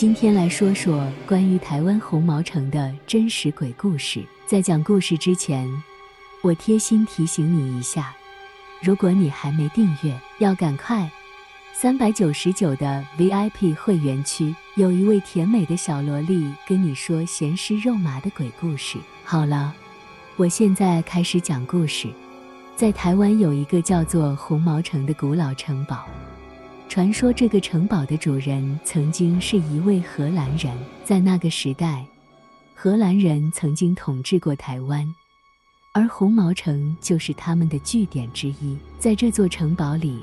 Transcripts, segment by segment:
今天來說說關於台灣紅毛城的真實鬼故事。在講故事之前，我貼心提醒你一下：如果你還沒訂閱，要趕快！三百九十九的 VIP 會員區有一位甜美的小蘿莉跟你說鹹濕肉麻的鬼故事。好了，我現在開始講故事。在台灣有一個叫做紅毛城的古老城堡。傳說這個城堡的主人曾經是一位荷蘭人，在那個時代，荷蘭人曾經統治過台灣，而紅毛城就是他們的據點之一。在這座城堡裡，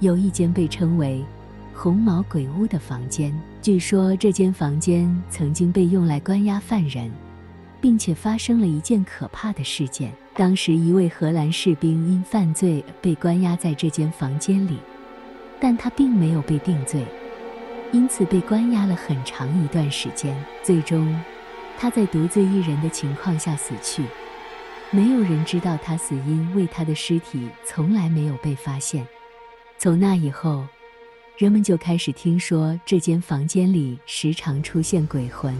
有一間被稱為“紅毛鬼屋”的房間。據說這間房間曾經被用來關押犯人，並且發生了一件可怕的事件。當時，一位荷蘭士兵因犯罪被關押在這間房間裡。但他並沒有被定罪，因此被關押了很長一段時間。最終，他在獨自一人的情況下死去，沒有人知道他死，因為他的屍體從來沒有被發現。從那以後，人們就開始聽說這間房間裡時常出現鬼魂，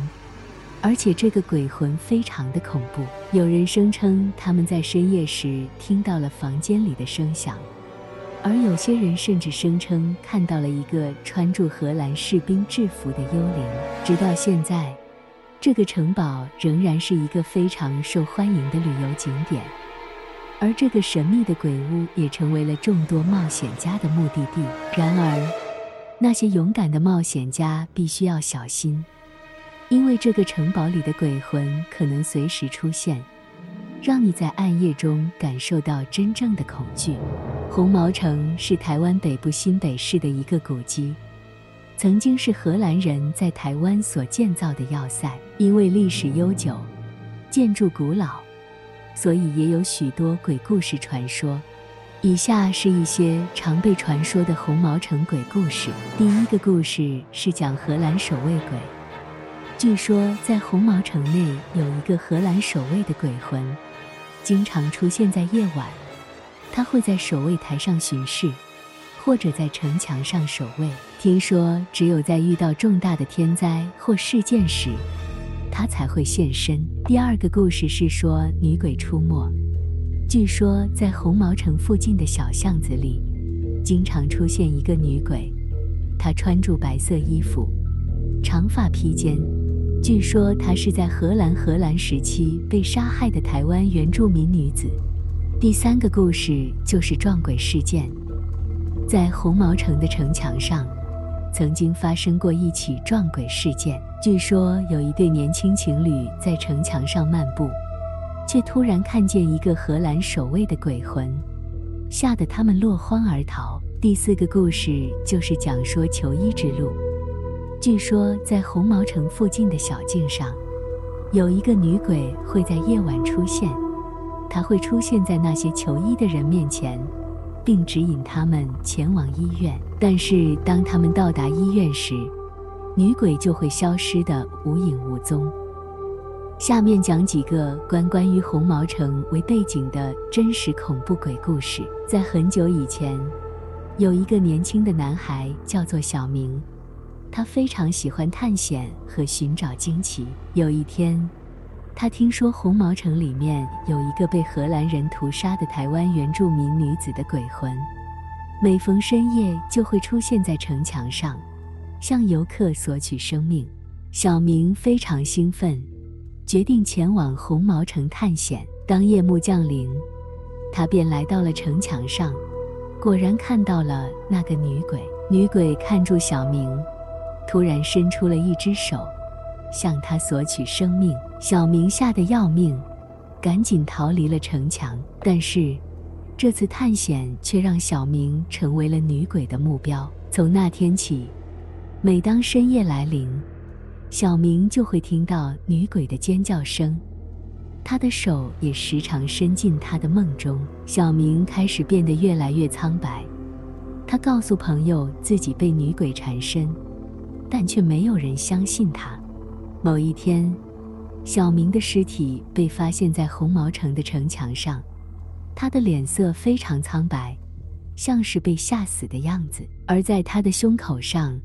而且這個鬼魂非常的恐怖。有人聲稱他們在深夜時聽到了房間裡的聲響。而有些人甚至聲稱看到了一個穿着荷蘭士兵制服的幽靈。直到現在，這個城堡仍然是一個非常受歡迎的旅遊景點，而這個神秘的鬼屋也成為了眾多冒險家的目的地。然而，那些勇敢的冒險家必須要小心，因為這個城堡裡的鬼魂可能隨時出現，讓你在暗夜中感受到真正的恐懼。紅毛城是台灣北部新北市的一個古蹟，曾經是荷蘭人在台灣所建造的要塞。因為歷史悠久，建築古老，所以也有許多鬼故事傳說。以下是一些常被傳說的紅毛城鬼故事。第一個故事是講荷蘭守衛鬼。據說在紅毛城內有一個荷蘭守衛的鬼魂，經常出現在夜晚。他會在守衛台上巡視，或者在城牆上守衛。聽說只有在遇到重大的天災或事件時，他才會現身。第二個故事是說女鬼出沒。據說在紅毛城附近的小巷子裡，經常出現一個女鬼。她穿着白色衣服，長髮披肩。據說她是在荷蘭荷蘭時期被殺害的台灣原住民女子。第三個故事就是撞鬼事件，在紅毛城的城牆上，曾經發生過一起撞鬼事件。據說有一對年輕情侶在城牆上漫步，卻突然看見一個荷蘭守衛的鬼魂，嚇得他們落荒而逃。第四個故事就是講說求醫之路。據說在紅毛城附近的小徑上，有一個女鬼會在夜晚出現。他會出現在那些求醫的人面前，並指引他們前往醫院。但是當他們到達醫院時，女鬼就會消失得無影無蹤。下面講幾個關關於紅毛城為背景的真實恐怖鬼故事。在很久以前，有一個年輕的男孩叫做小明，他非常喜歡探險和尋找驚奇。有一天，他聽說紅毛城裡面有一個被荷蘭人屠殺的台灣原住民女子的鬼魂，每逢深夜就會出現在城牆上，向遊客索取生命。小明非常興奮，決定前往紅毛城探險。當夜幕降臨，他便來到了城牆上，果然看到了那個女鬼。女鬼看住小明，突然伸出了一只手，向他索取生命。小明嚇得要命，趕緊逃離了城牆。但是，這次探險卻讓小明成為了女鬼的目標。從那天起，每當深夜來臨，小明就會聽到女鬼的尖叫聲，她的手也時常伸進他的夢中。小明開始變得越來越蒼白。他告訴朋友自己被女鬼纏身，但卻沒有人相信他。某一天，小明的屍體被發現在紅毛城的城牆上，他的臉色非常蒼白，像是被嚇死的樣子。而在他的胸口上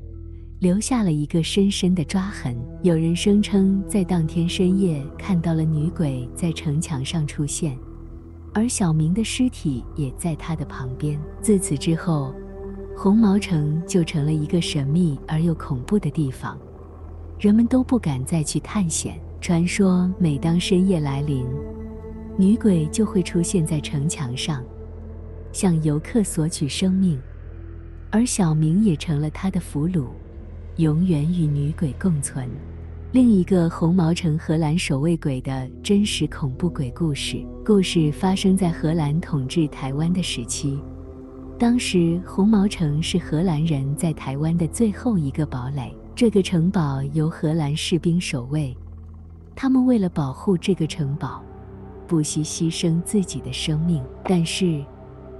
留下了一個深深的抓痕。有人聲稱在當天深夜看到了女鬼在城牆上出現，而小明的屍體也在他的旁邊。自此之後，紅毛城就成了一個神秘而又恐怖的地方，人們都不敢再去探險。傳說每當深夜來臨，女鬼就會出現在城牆上，向遊客索取生命，而小明也成了她的俘虜，永遠與女鬼共存。另一個紅毛城荷蘭守衛鬼的真實恐怖鬼故事，故事發生在荷蘭統治台灣的時期，當時紅毛城是荷蘭人在台灣的最後一個堡壘，這個城堡由荷蘭士兵守衛。他們為了保護這個城堡，不惜犧牲自己的生命。但是，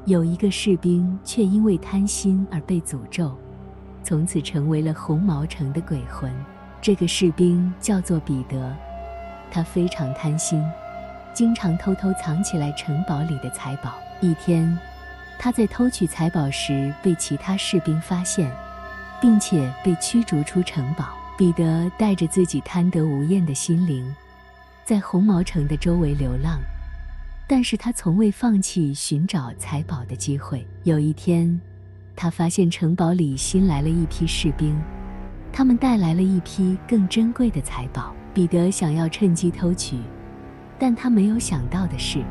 有一個士兵卻因為貪心而被詛咒，從此成為了紅毛城的鬼魂。這個士兵叫做彼得，他非常貪心，經常偷偷藏起來城堡裡的財寶。一天，他在偷取財寶時被其他士兵發現，並且被驅逐出城堡。彼得帶着自己貪得無厭的心靈，在紅毛城的周圍流浪，但是他從未放棄尋找財寶的機會。有一天，他發現城堡裡新來了一批士兵，他們帶來了一批更珍貴的財寶。彼得想要趁機偷取，但他沒有想到的是，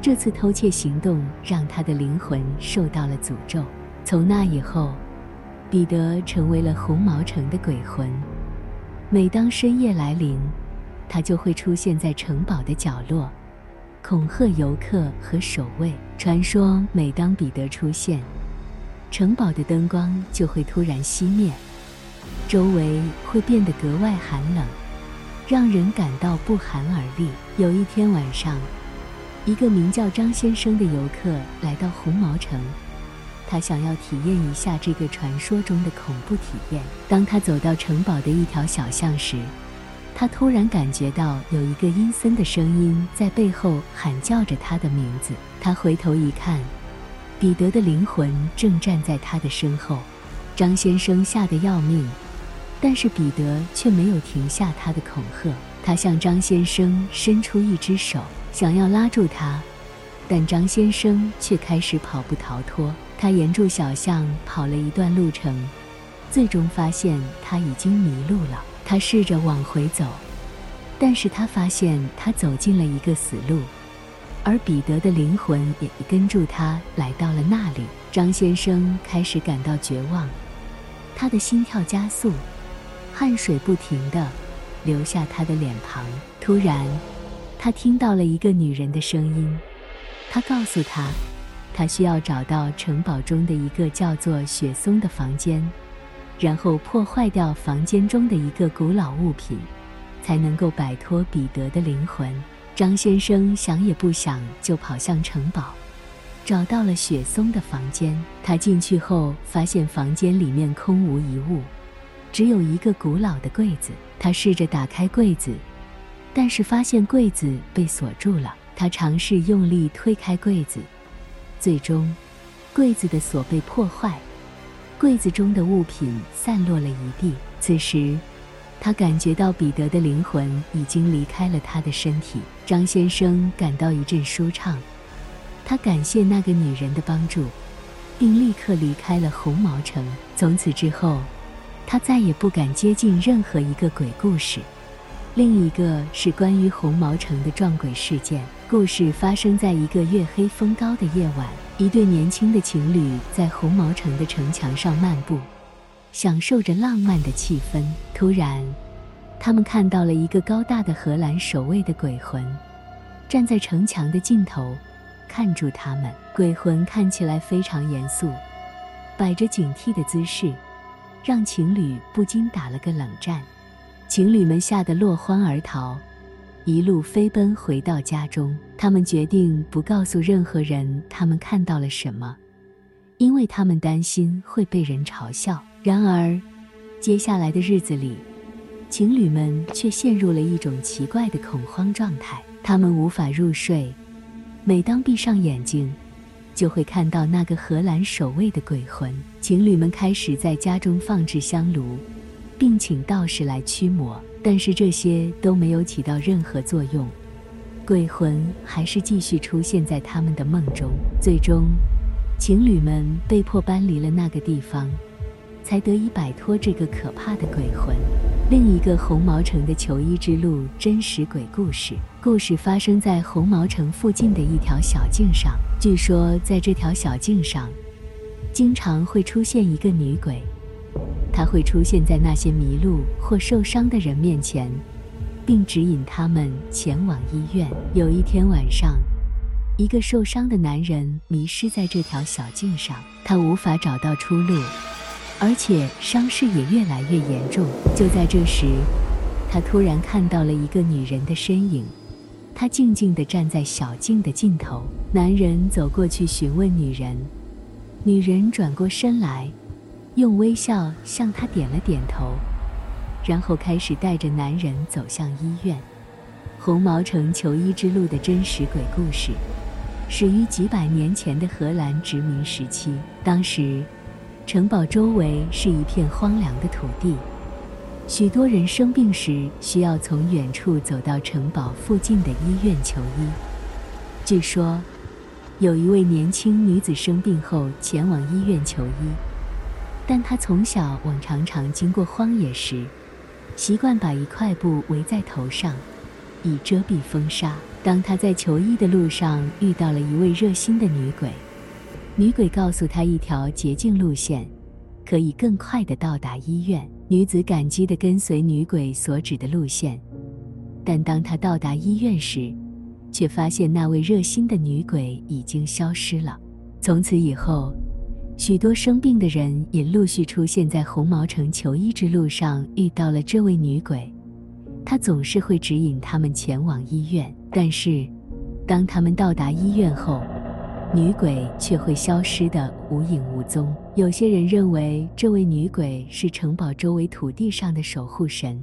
這次偷竊行動讓他的靈魂受到了詛咒。從那以後，彼得成為了紅毛城的鬼魂。每當深夜來臨，他就會出現在城堡的角落，恐嚇遊客和守衛。傳說，每當彼得出現，城堡的燈光就會突然熄滅，周圍會變得格外寒冷，讓人感到不寒而栗。有一天晚上，一個名叫張先生的遊客來到紅毛城。他想要體驗一下這個傳說中的恐怖體驗。當他走到城堡的一條小巷時，他突然感覺到有一個陰森的聲音在背後喊叫着他的名字。他回頭一看，彼得的靈魂正站在他的身後。張先生嚇得要命，但是彼得卻沒有停下他的恐嚇。他向張先生伸出一隻手，想要拉住他，但張先生卻開始跑步逃脫。他沿着小巷跑了一段路程，最終發現他已經迷路了。他試着往回走，但是他發現他走進了一個死路，而彼得的靈魂也跟著他來到了那裡。張先生開始感到絕望，他的心跳加速，汗水不停地流下他的臉龐。突然，他聽到了一個女人的聲音，他告訴他。他需要找到城堡中的一個叫做雪松的房間，然後破壞掉房間中的一個古老物品，才能夠擺脫彼得的靈魂。張先生想也不想就跑向城堡，找到了雪松的房間。他進去後發現房間裡面空無一物，只有一個古老的櫃子。他試着打開櫃子，但是發現櫃子被鎖住了。他嘗試用力推開櫃子。最終，櫃子的鎖被破壞，櫃子中的物品散落了一地。此時，他感覺到彼得的靈魂已經離開了他的身體。張先生感到一陣舒暢，他感謝那個女人的幫助，並立刻離開了紅毛城。從此之後，他再也不敢接近任何一個鬼故事。另一個是關於紅毛城的撞鬼事件。故事發生在一個月黑風高的夜晚，一對年輕的情侶在紅毛城的城牆上漫步，享受着浪漫的氣氛。突然，他們看到了一個高大的荷蘭守衛的鬼魂，站在城牆的盡頭，看住他們。鬼魂看起來非常嚴肅，擺着警惕的姿勢，讓情侶不禁打了個冷戰。情侶們嚇得落荒而逃。一路飛奔回到家中，他們決定不告訴任何人他們看到了什麼，因為他們擔心會被人嘲笑。然而，接下來的日子裡，情侶們卻陷入了一種奇怪的恐慌狀態，他們無法入睡。每當閉上眼睛，就會看到那個荷蘭守衛的鬼魂。情侶們開始在家中放置香爐。並請道士來驅魔，但是這些都沒有起到任何作用，鬼魂還是繼續出現在他們的夢中。最終，情侶們被迫搬離了那個地方，才得以擺脫這個可怕的鬼魂。另一個紅毛城的求醫之路真實鬼故事，故事發生在紅毛城附近的一條小徑上。據說，在這條小徑上，經常會出現一個女鬼。他會出現在那些迷路或受傷的人面前，並指引他們前往醫院。有一天晚上，一個受傷的男人迷失在這條小徑上，他無法找到出路，而且傷勢也越來越嚴重。就在這時，他突然看到了一個女人的身影，她靜靜地站在小徑的盡頭。男人走過去詢問女人，女人轉過身來。用微笑向他點了點頭，然後開始帶着男人走向醫院。紅毛城求醫之路的真實鬼故事，始於幾百年前的荷蘭殖民時期。當時，城堡周圍是一片荒涼的土地，許多人生病時需要從遠處走到城堡附近的醫院求醫。據說，有一位年輕女子生病後前往醫院求醫。但他從小往常常經過荒野時，習慣把一塊布圍在頭上，以遮蔽風沙。當他在求醫的路上遇到了一位熱心的女鬼，女鬼告訴他一條捷徑路線，可以更快地到達醫院。女子感激地跟隨女鬼所指的路線，但當她到達醫院時，卻發現那位熱心的女鬼已經消失了。從此以後。許多生病的人也陸續出現在紅毛城求醫之路上，遇到了這位女鬼。她總是會指引他們前往醫院，但是當他們到達醫院後，女鬼卻會消失得無影無蹤。有些人認為這位女鬼是城堡周圍土地上的守護神，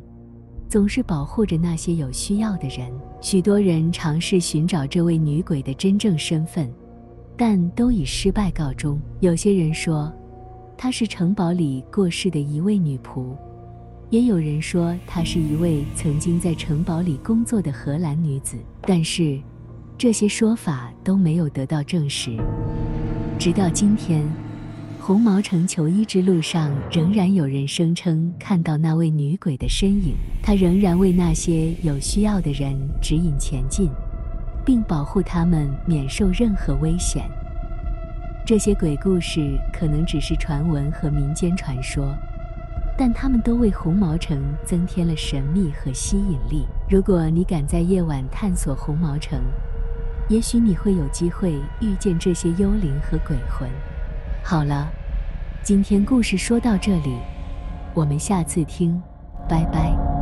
總是保護着那些有需要的人。許多人嘗試尋找這位女鬼的真正身份。但都以失敗告終。有些人說她是城堡裡過世的一位女僕，也有人說她是一位曾經在城堡裡工作的荷蘭女子。但是這些說法都沒有得到證實。直到今天，紅毛城求醫之路上仍然有人聲稱看到那位女鬼的身影，她仍然為那些有需要的人指引前進。並保護他們免受任何危險。這些鬼故事可能只是傳聞和民間傳說，但他們都為紅毛城增添了神秘和吸引力。如果你敢在夜晚探索紅毛城，也許你會有機會遇見這些幽靈和鬼魂。好了，今天故事說到這裡，我們下次聽，拜拜。